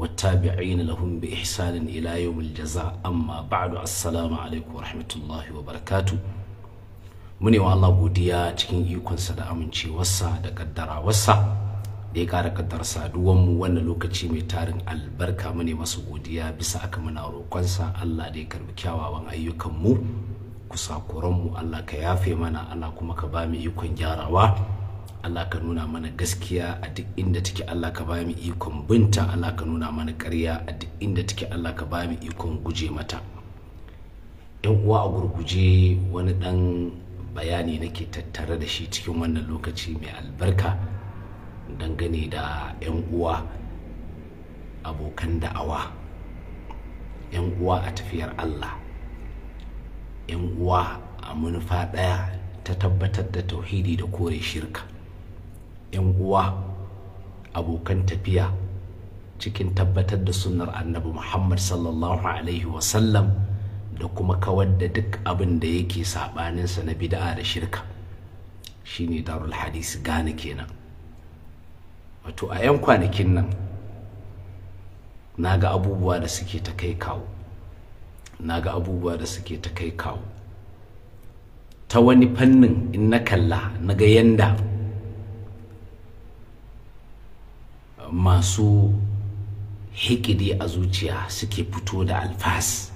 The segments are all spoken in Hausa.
والتابعين لهم بإحسان إلى يوم الجزاء أما بعد السلام عليكم ورحمة wa وبركاته mune wa Allah godiya cikin ikonsa da amincewarsa da kaddarawarsa da ya ƙara kaddar saduwanmu wannan lokaci mai tarin albarka mune masa godiya bisa aka muna roƙonsa Allah da ya karbi kyawawan ayyukan mu. ayyukanmu kusakuranmu Allah ka yafe mana Allah kuma ka ba mu ikon gyarawa Allah ka nuna mana gaskiya a duk inda take Allah ka ba mu ikon binta Allah ka nuna mana ƙarya a duk inda take Allah ka ba mu ikon guje mata yan uwa a gurguje wani ɗan bayani nake tattare da shi cikin wannan lokaci mai albarka dangane da yan uwa abokan da'awa yan uwa a tafiyar Allah yan uwa a manufa ɗaya ta tabbatar da tauhidi da kore shirka 'yan uwa abokan tafiya cikin tabbatar da sunnar annabi muhammad sallallahu alaihi wasallam da kuma kawar da duk abin da yake saɓaninsa na bid'a da shirka shine darul hadis gane kenan wato a 'yan kwanakin nan na ga abubuwa da suke ta kai kawo na ga abubuwa da suke ta kai kawo ta wani fannin in na kalla na ga yanda masu hikidi a zuciya suke fito da alfas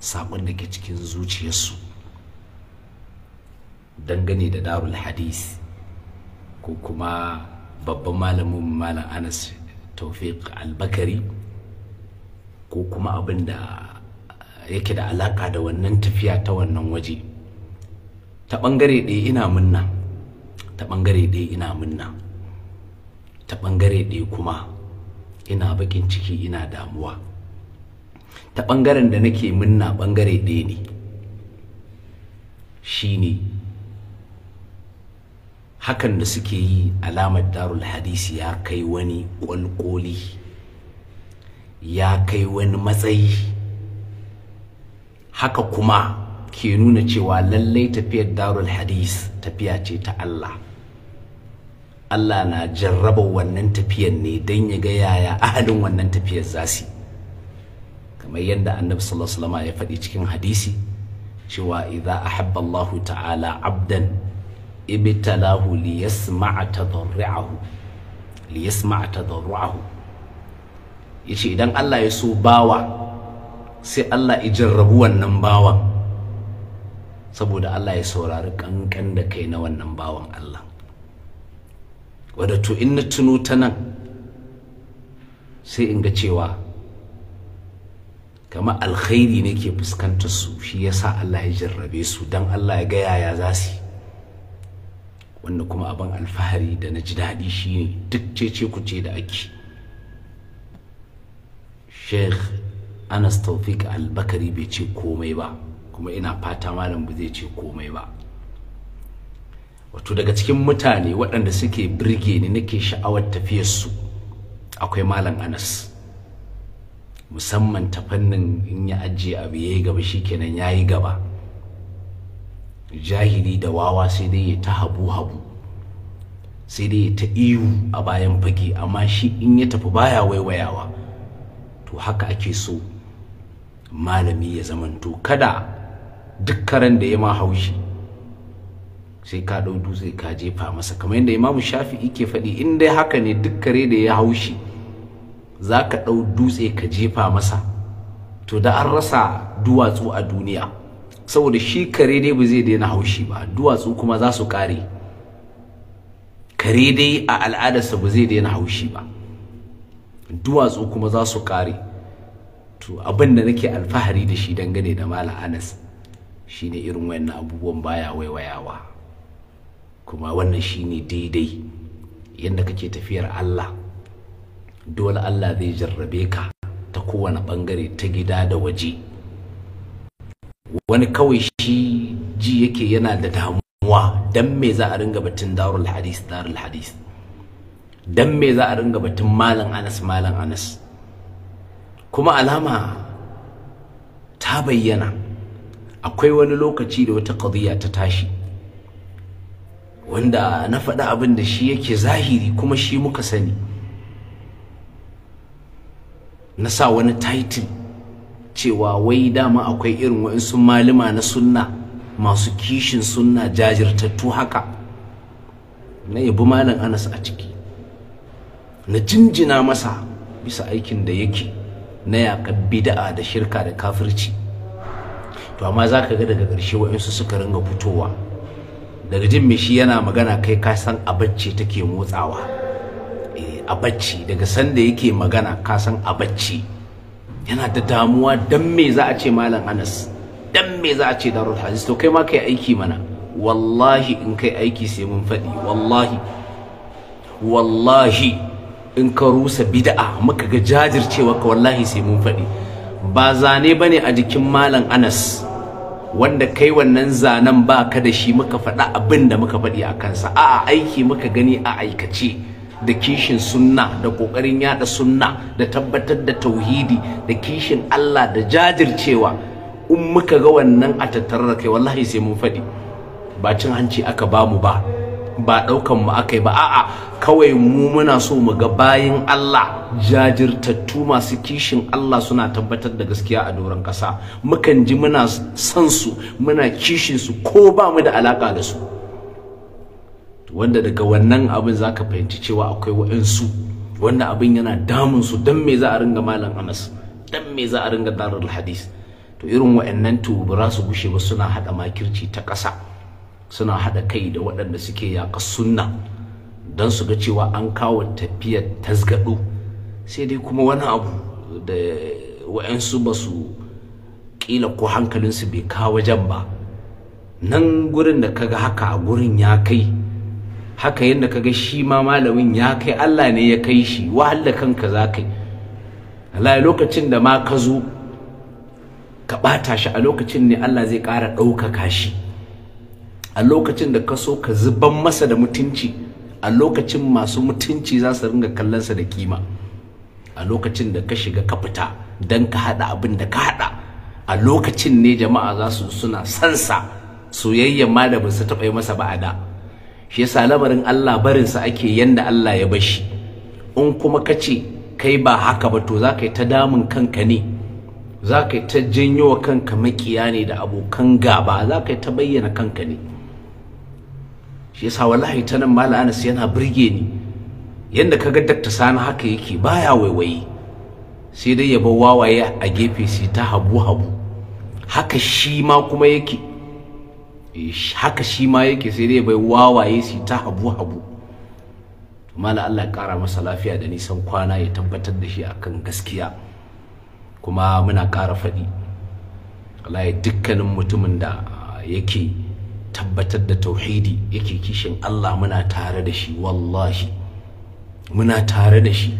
saƙon da ke cikin zuciyarsu dangane da darul hadis ko kuma babban malamin malam anas taufik albakari ko kuma abin da yake da alaƙa da wannan tafiya ta wannan waje ta ɓangare ɗaya ina munna ta ɓangare ɗaya ina munna ta ɓangare ɗaya kuma ina baƙin ciki ina damuwa ta ɓangaren da nake minna ɓangare ɗaya ne shi ne hakan da suke yi alamar darul hadisi ya kai wani ƙwalƙoli ya kai wani matsayi haka kuma ke nuna cewa lallai tafiyar darul hadis tafiya ce ta Allah Allah na jarraba wannan tafiyan ne don ya ga yaya ahalin wannan tafiyar zasi kamar yadda annabi sallallahu alaihi wasallam ya faɗi cikin hadisi cewa idza ahabba Allah ta'ala abdan ibtalahu liyasma'a tadarruahu liyasma'a tadarruahu yace idan Allah ya so bawa sai Allah ya jarrabu wannan bawan saboda Allah ya saurari kankan da kai na wannan bawan Allah wadda to in na tuno ta nan sai in ga cewa kama alkhairi ne ke fuskantar su shi yasa Allah ya jarrabe su don Allah ya ga yaya za su wanda kuma abin alfahari da na ji daɗi ne duk cece ku ce da ake sheikh anas taufik albakari bai ce komai ba kuma ina fata malam ba zai ce komai ba wato daga cikin mutane waɗanda suke birge ni nake sha'awar tafiyar su, akwai malam anas musamman ta fannin in ya ajiye abu ya yi gaba shikenan ya yi gaba jahili da wawa sai dai ya ta habu-habu sai dai ya ta iyu a bayan fage amma shi in ya tafi baya waiwayawa to haka ake so malami ya zamanto kada duk karen da ya ma haushi sai ka ɗau dutse ka jefa masa kamar yadda imamu shafi ke faɗi in dai haka ne duk kare da ya haushi za ka ɗau dutse ka jefa masa to da an rasa duwatsu a duniya saboda shi kare dai ba zai daina haushi ba duwatsu kuma za su ƙare kare dai a al'adarsa ba zai daina haushi ba duwatsu kuma za su ƙare to abin da nake alfahari da shi dangane da malam anas shine irin wayannan abubuwan baya waiwayawa kuma wannan shi ne daidai yadda kake tafiyar Allah dole Allah zai jarrabe ka ta kowane bangare ta gida da waje wani kawai shi ji yake yana da damuwa don me za a ringa batun darul hadis darul hadis Don me za a ringa batun malam Anas malam Anas kuma alama ta bayyana akwai wani lokaci da wata qadiya ta tashi wanda na faɗi abin da shi yake zahiri kuma shi muka sani na sa wani title cewa wai dama akwai irin wa'insu malima na sunna masu kishin sunna jajirtattu haka na yabi malam anas a ciki na jinjina masa bisa aikin da yake na yaƙar bida'a da shirka da kafirci to amma za ka ga daga ƙarshe wa'insu suka ringa fitowa daga jin shi yana magana kai ka san a take motsawa eh, a daga sanda yake magana ka san yana da damuwa dan me za a ce malam Anas dan me za a ce Darul Hadis to kai ma kai aiki mana wallahi in kai aiki sai mun faɗi wallahi wallahi in ka rusa bid'a muka ga jajircewa ka wallahi sai mun faɗi ba zane bane a jikin malam Anas wanda kai wannan zanen ba ka da shi muka faɗa abin da muka faɗi a kansa a'a aiki muka gani a aikace da kishin sunna da ƙoƙarin yaɗa sunna da tabbatar da tauhidi da kishin Allah da jajircewa in muka ga wannan a tattara kai wallahi sai mun faɗi ba cin hanci aka bamu ba ba ɗaukan mu aka yi ba a'a kawai mu muna so mu ga bayin Allah jajirtattu masu kishin Allah suna tabbatar da gaskiya a doron kasa mukan ji muna son su muna kishin su ko ba mu da alaka da su wanda daga wannan abin zaka fahimci cewa akwai wa'ansu wanda abin yana damun su dan me za a ringa malam Anas dan me za a ringa darul hadis to irin wa'annan tubura su gushe ba suna hada makirci ta kasa suna hada kai da waɗanda suke yaƙa sunna don su ga cewa an kawo tafiyar tasgado sai dai kuma wani abu da wa'yansu ba su kila ko hankalinsu bai kawo wajen ba nan gurin da kaga haka a gurin ya kai haka yadda kaga shi ma malamin ya kai Allah ne ya kai shi wahala kanka za kai Allah lokacin da ma ka zo ka ɓata shi a lokacin ne Allah zai ƙara ɗaukaka shi a lokacin da ka so ka zuban masa da mutunci a lokacin masu mutunci za su ringa kallonsa da kima a lokacin da ka shiga ka fita don ka haɗa abin da ka haɗa a lokacin ne jama'a za su suna sansa soyayya ma da ba su taɓa yi masa ba a da shi yasa lamarin Allah barinsa ake yanda Allah ya bashi in kuma ka ce kai ba haka ba to za ka yi ta damun kanka ne za ka yi ta janyo wa kanka makiya ne da abokan gaba za ka yi ta bayyana kanka ne shi yasa wallahi ta nan mala anas yana burge ni yanda kaga Dr. sani haka yake baya waiwayi sai dai ya bar wawaye a gefe sai ta habu habu haka shi ma kuma yake haka shi ma yake sai dai bai wawaye sai ta habu habu Allah ya kara masa lafiya da nisan kwana ya tabbatar da shi akan gaskiya kuma muna kara faɗi wallahi dukkanin mutumin da yake tabbatar da tauhidi yake kishin Allah muna tare da shi wallahi muna tare da shi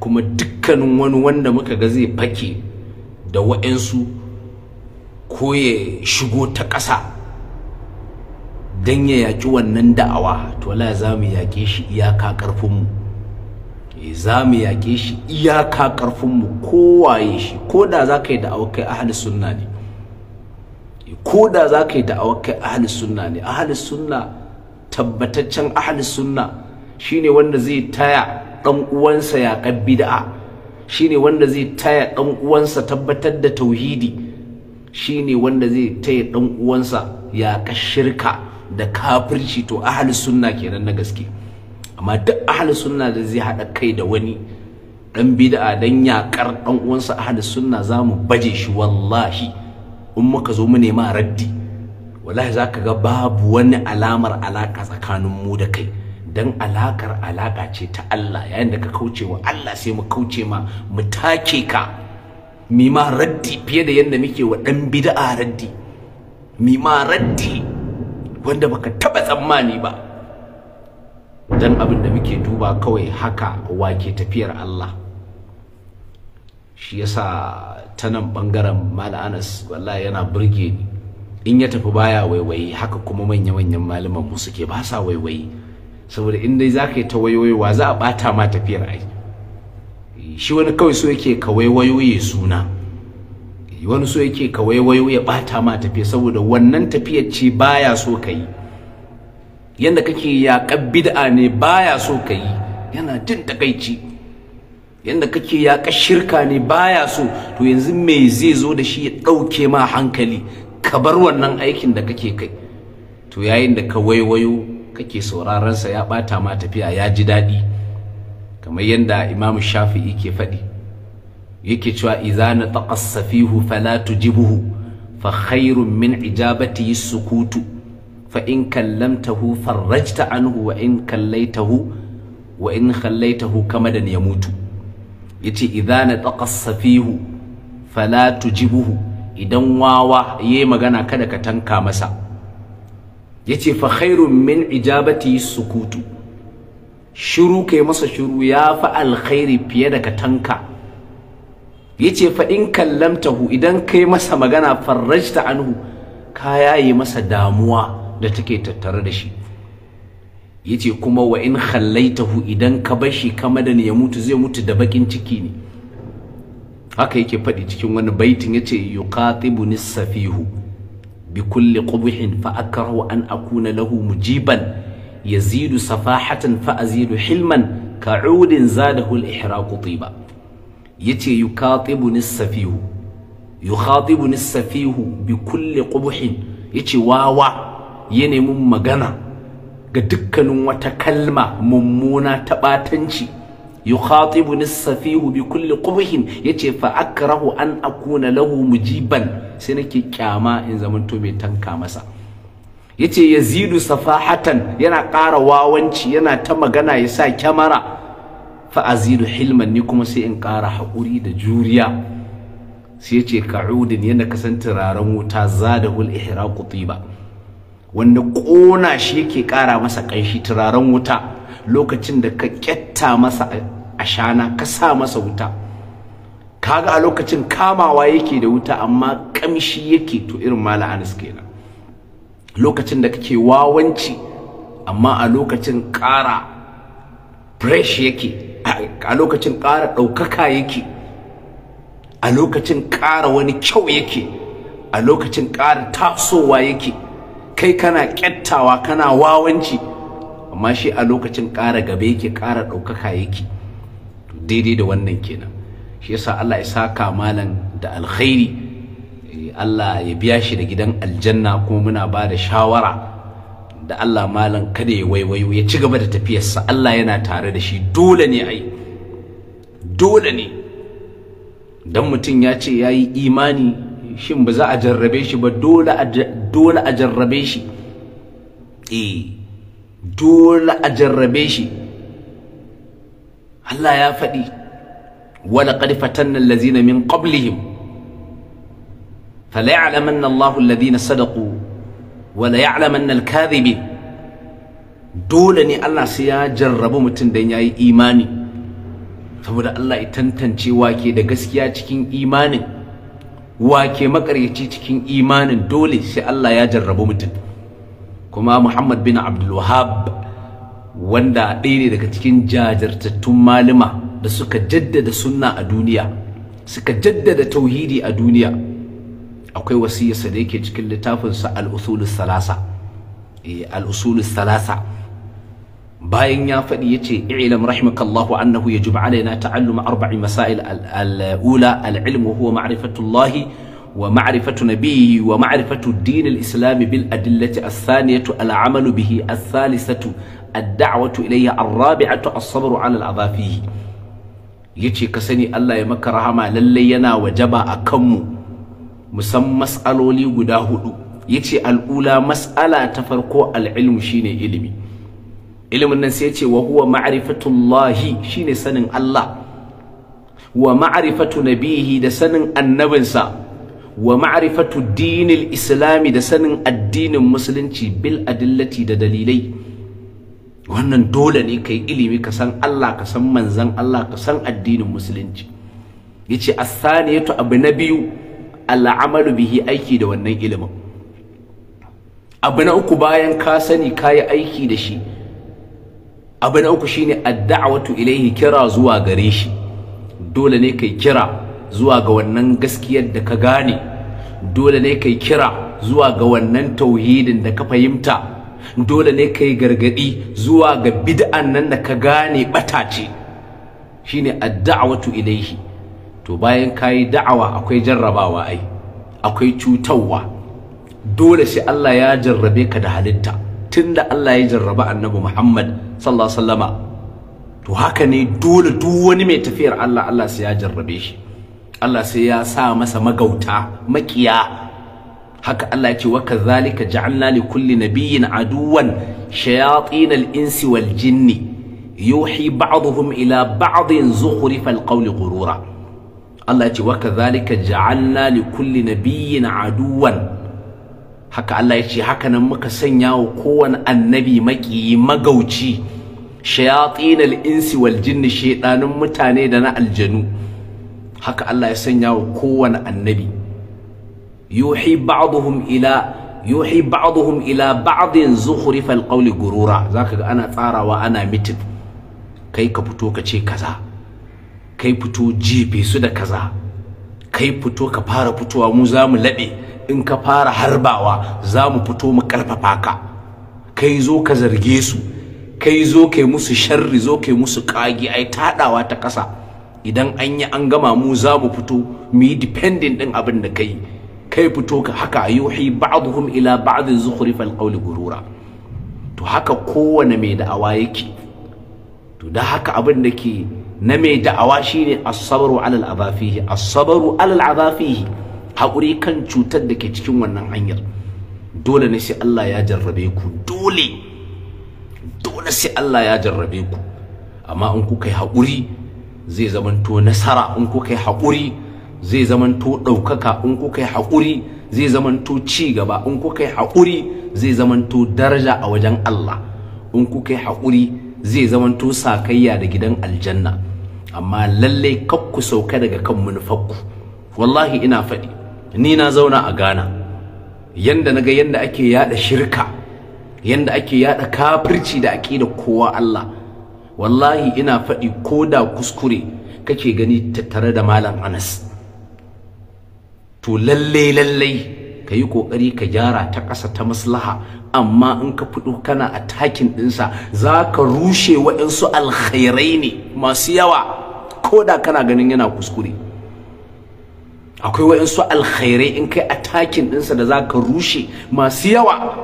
kuma dukkanin wani wanda muka ga zai fake da wa'ansu ko ya shigo ta ƙasa don ya yaƙi wannan da'awa to la za mu yaƙe shi iyaka ƙarfinmu eh, za mu yaƙe shi iyaka ƙarfinmu kowaye shi ko da za ka yi da'awa kai ahli sunna ne ko da za ka yi da'awar kai ahli sunna ne ahli sunna tabbataccen ahli sunna shine wanda zai taya dan uwansa ya bid'a shine wanda zai taya dan uwansa tabbatar da tauhidi shine wanda zai taya dan uwansa ya shirka da kafirci to ahli sunna kenan na gaske amma duk ahli sunna da zai haɗa kai da wani dan bid'a dan yakar dan uwansa ahli sunna zamu baje shi wallahi in muka zo mu nema raddi wallahi za ka ga babu wani alamar alaka tsakanin mu da kai dan alakar alaka ce ta Allah yayin da ka kauce wa Allah sai mu kauce ma mu take ka mi ma raddi fiye da yadda muke wa dan bid'a raddi mi ma raddi wanda baka taba tsammani ba dan abin da muke duba kawai haka wake tafiyar Allah shi yasa ta nan bangaren Mal'anas, yana burge ni in ya tafi baya waiwayi haka kuma manya-manyan malaman mu suke ba sa waiwayi saboda in dai ka yi ta wayoyowa za a bata ma tafiyar ai shi wani kawai so yake ka waiwayoye suna wani so yake ka waiwayo ya bata ma tafiya saboda wannan tafiyar ce baya so ka yi yadda kake yaƙar bid'a ne baya so ka yi yana jin takaici yanda kake ya ka shirka ne baya so to yanzu me zai zo da shi ya dauke ma hankali ka bar wannan aikin da kake kai to yayin da ka waiwayo kake sauraron sa ya ɓata ma tafiya ya ji daɗi kamar yadda imamu Shafi'i ke faɗi yake cewa idza na safihu fala tujibuhu fa khairun min ijabati sukutu fa in kallamtahu farrajta anhu wa in kallaitahu wa in khallaitahu kamadan yamutu yace idza nataqa safihu fala tujibuhu idan wawa yayi magana kada ka tanka masa yace fa khairun min ijabati sukutu shiru kai masa shiru ya fa alkhairi fiye da ka tanka yace fa in kallamtahu idan kai masa magana farrajta anhu ka yayi masa damuwa da take tattare da shi yace kuma wa in khallaitahu idan ka bashi kamadan ya mutu zai mutu da bakin ciki ne haka yake faɗi cikin wani baitin yace yuqatibuni safihu bi kulli qubhin fa akrahu an akuna lahu mujiban yazidu safahatan fa azidu hilman ka'udin zadahu al ihraq tiba yace yuqatibuni safihu yuqatibuni safihu bi kulli qubhin yace wawa ya nemi magana ga dukkanin wata kalma mummuna ta batanci yukhatibuni safihu bi kulli qubhin yace fa akrahu an akuna lahu mujiban sai nake kyama in zamanto mai tanka masa yace yazidu safahatan yana ƙara wawanci yana ta magana ya sa kyamara fa azidu hilman ni kuma sai in ƙara haƙuri da juriya sai yace ka'udin yana kasan turaren wuta zadahul ihraqu tiba wanda ƙona shi yake ƙara masa ƙanshi turaren wuta lokacin da ka ƙyatta masa ashana ka sa masa wuta kaga a lokacin kamawa yake da wuta amma ƙamshi yake to irin mala anis kenan lokacin da kake wawanci amma a lokacin ƙara fresh yake a lokacin ƙara ɗaukaka yake a lokacin ƙara wani kyau yake a lokacin ƙara tasowa yake kai kana kyattawa kana wawanci amma shi a lokacin ƙara gabe yake ƙara ɗaukaka yake daidai da wannan kenan shi yasa Allah ya saka malam da alkhairi eh, Allah ya biya shi da gidan aljanna kuma muna ba da shawara da Allah malam kada ya waiwayo ya ci gaba da tafiyarsa Allah yana tare da shi dole ne ai dole ne dan mutum ya ce ya imani shin ba za a jarrabe shi ba dole a jarrabe shi eh dole a jarrabe shi Allah ya faɗi ولقد فتنا الذين من قبلهم فليعلمن الله الذين صدقوا وليعلمن الكاذبين dole ne Allah sai ya jarrabu mutum dan yayi imani saboda Allah ya tantance wake da gaskiya cikin imanin wake makaryaci cikin imanin dole sai Allah ya jarrabu mutum kuma Muhammad bin Abdul wanda ɗaya ne daga cikin jajirtattun malama da suka jaddada sunna a duniya suka jaddada tauhidi a duniya akwai wasiyarsa da yake cikin littafinsa al-usulus salasa eh, al salasa bayan ya faɗi ya ce ilam rahimakallahu annahu ya juba alaina ta'alluma arba'i masail al'ula al'ilmu huwa ma'rifatullahi wa ma'rifatu nabiyyi wa ma'rifatu din al-islam bil adillati as-saniyatu al-amalu bihi as-salisatu ad-da'watu ilayya ar-rabi'atu as-sabru 'ala al-adhafihi yace ka sani Allah ya maka rahama lalle yana wajaba a mu musamman mas'aloli guda hudu yace al-ula mas'ala ta farko al-ilmu shine ilimi ilimin nan sai ya ce wa huwa ma'rifatullahi shine sanin Allah wa ma'rifatu nabihi da sanin annabinsa wa ma'rifatu dinil islami da sanin addinin musulunci bil adillati da dalilai wannan dole ne kai ilimi ka san Allah ka san manzon Allah ka san addinin musulunci yace as-saniyatu abu na biyu al'amalu bihi aiki da wannan ilimin abu na uku bayan ka sani kayi aiki da shi abu na uku shine watu ilaihi kira zuwa gare shi dole ne kai kira zuwa ga wannan gaskiyar da ka gane dole ne kai kira zuwa ga wannan tauhidin da ka fahimta dole ne kai gargadi zuwa ga bid'an nan da ka gane batace shine watu ilaihi to bayan kayi da'awa akwai jarrabawa ai akwai cutarwa dole sai Allah ya jarrabe ka da halitta tunda Allah ya jarraba annabi Muhammad sallallahu sallama to haka ne dole duk wani mai tafiyar Allah Allah sai ya jarrabe shi Allah sai ya sa masa magauta makiya haka Allah ya ce wa kadhalika ja'alna li kulli nabiyyin aduwan shayatin al-insi wal jinni yuhi ba'dhum ila ba'din zukhrif al-qawli ghurura Allah ya ce wa kadhalika ja'alna li kulli nabiyyin aduwan haka Allah ya ce haka nan muka sanya wa kowane annabi maƙiyi magauci shayatinal insi wal jinni shedanin mutane da na aljanu haka Allah ya sanya wa kowane annabi yuhi ba'dhum ila yuhi ba'dhum ila ba'din zukhrif al qawli gurura zaka ga ana tsarawa ana mitin kai ka fito ka ce kaza kai fito jife su da kaza kai fito ka fara fitowa mu za mu in ka fara harbawa za mu fito mu karfafa ka kai zo ka zarge su kai zo kai musu sharri zo kai musu kage ai taɗawa ta ƙasa idan an yi an gama mu za mu fito mu yi dependent ɗin abin da kai kai fito ka haka yuhi ba'dhum ila ba'd zukhrifal qawli gurura to haka kowane mai da'awa yake to da haka abin da ke na mai da'awa shine as-sabru 'ala al-adhafihi as-sabru 'ala al haƙuri kan cutar da ke cikin wannan hanyar dole ne sai Allah ya jarrabe ku dole dole sai Allah ya jarrabe ku amma in kuka yi haƙuri zai zamanto nasara in kuka yi haƙuri zai zamanto ɗaukaka in kuka yi haƙuri zai zamanto ci gaba in kuka yi haƙuri zai zamanto daraja a wajen Allah in kuka yi haƙuri zai zamanto sakayya da gidan aljanna amma lallai kakku sauka daga kan manufarku wallahi ina faɗi ni na zauna a Ghana yanda naga yanda ake yada shirka yanda ake yada kafirci da aqida kowa Allah wallahi ina faɗi ko da kuskure kake gani tattare da malam Anas to lalle lalle kayi yi ƙoƙari ka jara ta ƙasa ta maslaha amma in ka fito kana a takin ɗinsa za ka rushe waɗansu alkhairai ne masu yawa koda kana ganin yana kuskure akwai waɗansu alkhairai in kai atakin ɗinsa da zaka rushe masu yawa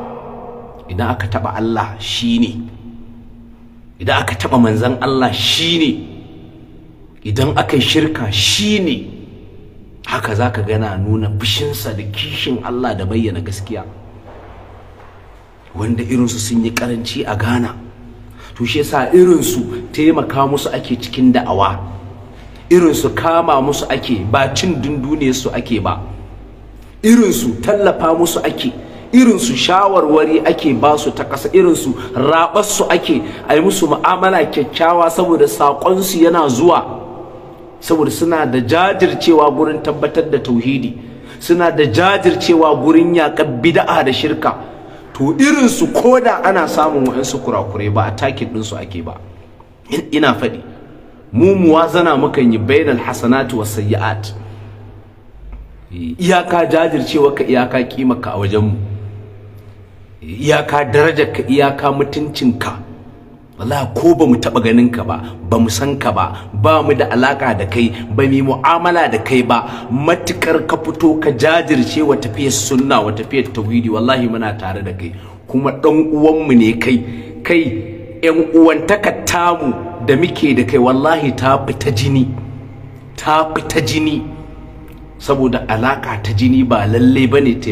idan aka taɓa Allah shi idan aka taɓa manzan Allah shi ne idan aka yi shirka shi haka za ka gana nuna fushinsa da kishin Allah da bayyana gaskiya wanda irinsu sun yi karanci a Ghana to shi yasa irinsu taimaka musu ake cikin da'awa irin su kama musu ake ba cin dundune su ake ba irin su tallafa musu ake irin su shawarwari ake ba su ta ƙasa irin su su ake a yi musu mu'amala kyakkyawa saboda saƙonsu yana zuwa saboda suna da jajircewa gurin tabbatar da tauhidi suna da jajircewa gurin yaƙar bid'a da shirka to irin su koda ana samun wa'ansu kurakurai ba a takin ɗinsu ake ba ina faɗi mu muwazana mukan yi bainal hasanatu was sayyi'at iyaka jajircewa ka iyaka kimarka a wajen mu iyaka darajarka iyaka mutuncinka wallahi ko bamu mu taba ganin ka ba bamu san ka ba ba mu da alaka da kai ba mu mu'amala da kai ba matukar ka fito ka jajirce wa tafiyar sunna wa tafiyar tauhidi wallahi muna tare da kai kuma dan uwan mu ne kai kai yan uwantaka tamu da muke da kai wallahi ta fita jini ta fita jini saboda alaka ta jini ba lalle bane ta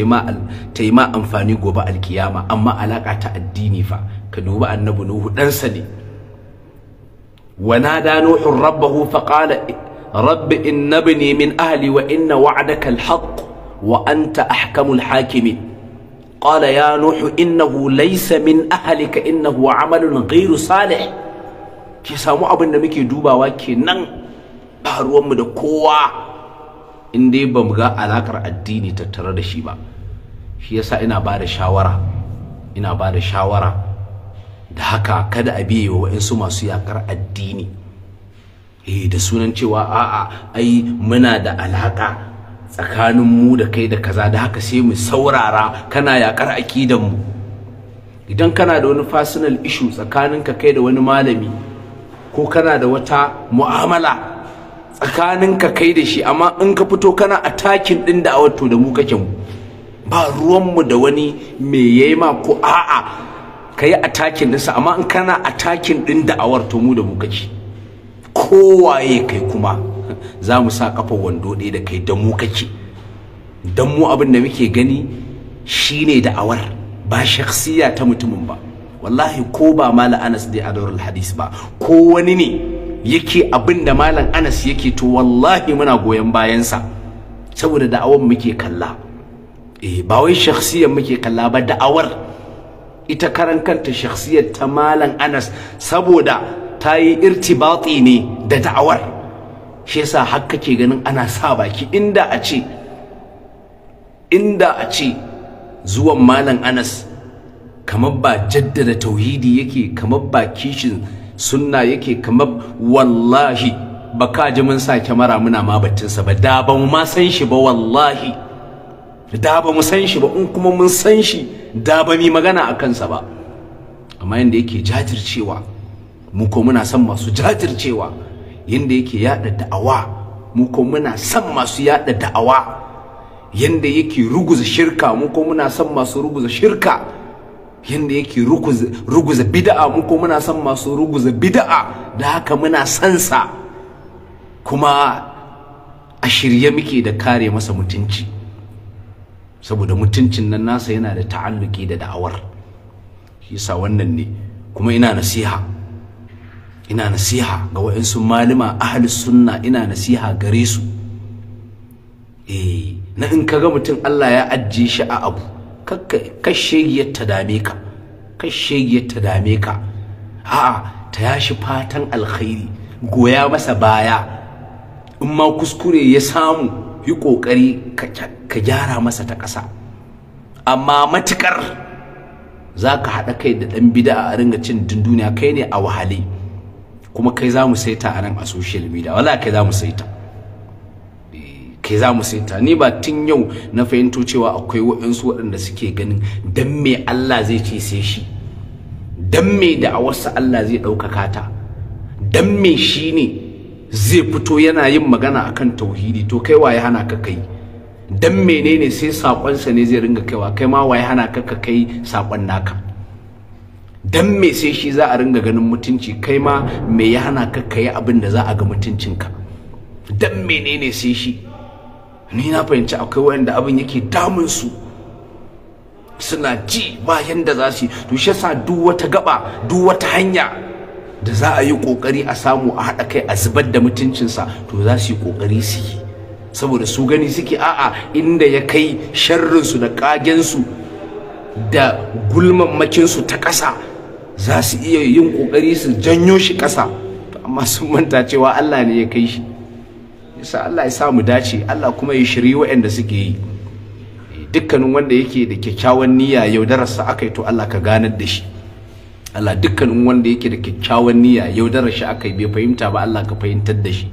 yi ma amfani gobe alkiyama amma alaka ta addini fa ka dubi annabi nuhu ɗansa ne ونادى نوح ربه فقال رب إن ابني من أهلي وإن وعدك الحق وأنت أحكم الحاكمين قال يا نوح إنه ليس من أهلك إنه عمل غير صالح ki samu abin da muke dubawa kenan a ruwanmu da kowa in dai ba mu ga alakar addini tattare da shi ba shi yasa ina ba da shawara ina ba da shawara da haka kada a biye wa waɗansu masu yaƙar addini eh da sunan cewa a'a ai muna da alaƙa tsakanin mu da kai da kaza da haka sai mu saurara kana yaƙar akidanmu idan kana da wani ishu tsakanin tsakaninka kai da wani malami ko kana da wata mu'amala tsakaninka kai da shi amma in ka fito kana takin din da to da mu kake mu ba ruwanmu da wani mai yayi ma ko a'a ka yi takin dinsa amma in kana a takin ɗin da'awar to mu da mu kake kowaye kai kuma za mu sa kafa wando ɗaya da kai da mu kake dan mu abin da muke gani shine da'awar ba shakhsiya ta mutumin ba wallahi ko ba malam Anas dai a darul hadis ba ko wani ne yake abin da malam Anas yake to wallahi muna goyon bayansa saboda da'awar muke kalla eh ba wai shakhsiyar muke kalla ba da'awar ita karan kanta shakhsiyar ta malam Anas saboda ta yi irtibati ne da da'awar shi yasa har kake ganin ana sa baki inda a ce inda a ce zuwan malam Anas kamar ba jaddada tauhidi yake kamar ba kishin sunna yake kamar wallahi ba ka ji mun sa kyamara muna ma battinsa ba da ba mu ma san shi ba wallahi da ba mu san shi ba in kuma mun san shi da ba mu magana a kansa ba amma yanda yake jajircewa mu ko muna son masu jajircewa yanda yake yada da'awa mu ko muna son masu yada da'awa yanda yake ruguza shirka mu ko muna son masu ruguza shirka yanda yake ruguza bida'a mu ko muna son masu ruguza bid'a da haka muna san sa kuma a shirye muke da kare masa mutunci saboda mutuncin nan nasa yana da ta'alluki da da'awar yasa wannan ne kuma ina nasiha ina nasiha ga wa'insu malama ahli sunna ina nasiha gare su eh na in kaga mutum Allah ya ajje shi a abu kashegiyar ta dame ka kashegiyar ta dame ka a'a ta yashi fatan alkhairi goya masa baya in ma kuskure ya samu yi kokari ka gyara masa ta ƙasa amma matukar za ka haɗa kai da ɗan bida a ringa cin dunduniya kai ne a wahale kuma kai za mu saita a nan a social media wala kai za mu saita ke za mu saita ni ba tun yau na fahimto cewa akwai waɗansu waɗanda suke ganin dan me Allah zai ce sai shi dan me da a wasu Allah zai ɗaukaka ta dan me shi ne zai fito yana yin magana akan tauhidi to kai waye hana ka kai dan menene sai sakonsa ne zai ringa kaiwa kai ma waye hana ka ka kai sakon naka dan me sai shi za a ringa ganin mutunci kai ma me ya hana ka kai abin da za a ga mutuncinka dan menene sai shi ni na fahimci akwai wayanda abin yake damun su suna ji bayan da za su to shi yasa duk wata gaba duk wata hanya da za a yi kokari a samu a haɗa kai a zubar da mutuncinsa to za su yi kokari su yi saboda su gani suke a'a inda ya kai sharrinsu da ƙagensu da gulmammakinsu ta ƙasa za su iya yin ƙoƙari su janyo shi ƙasa amma sun manta cewa Allah ne ya kai shi yasa Allah ya sa mu dace Allah kuma ya shiri waɗanda suke yi dukkanin wanda yake da kyakkyawan niyya yaudararsa aka yi to Allah ka ganar da shi Allah dukkanin wanda yake da kyakkyawan niyya yau shi aka bai fahimta ba Allah ka fahimtar da shi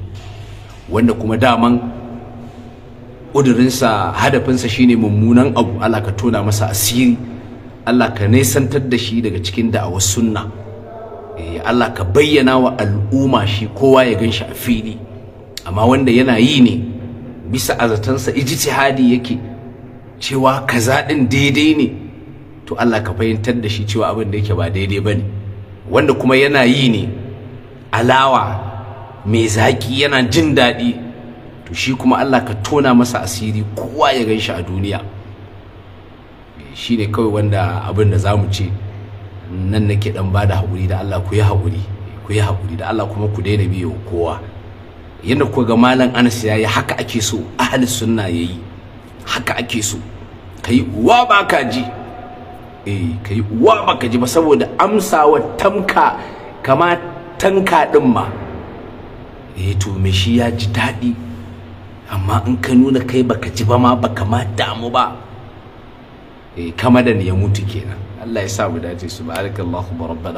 wanda kuma daman udurinsa hadafinsa shine mummunan abu Allah ka tona masa asiri Allah ka nesantar da shi daga cikin da'awar sunna eh, Allah ka bayyana wa al'umma shi kowa ya gan shi a fili amma wanda yana yi ne bisa azatansa ijtihadi yake cewa kaza din daidai ne to Allah ka fahimtar da shi cewa abin da yake ba daidai bane wanda kuma yana yi ne alawa mai zaki yana jin daɗi to shi kuma Allah ka tona masa asiri kowa ya gan shi a duniya shi ne kawai wanda abin da za mu ce nan nake ɗan ba da haƙuri da Allah ku yi haƙuri ku yi haƙuri da Allah kuma ku daina biyo kowa yana ku malam Anas yi haka ake so suna sunna yayi haka ake so kai uwa ba ka ji eh kai uwa ba ka ji ba saboda amsawa tamka kama tanka din ma eh to me shi ya ji daɗi amma in ka nuna kai baka ji ba ma baka ma damu ba eh kama da ya mutu kenan Allah ya sa mu dace subhanakallahumma rabbana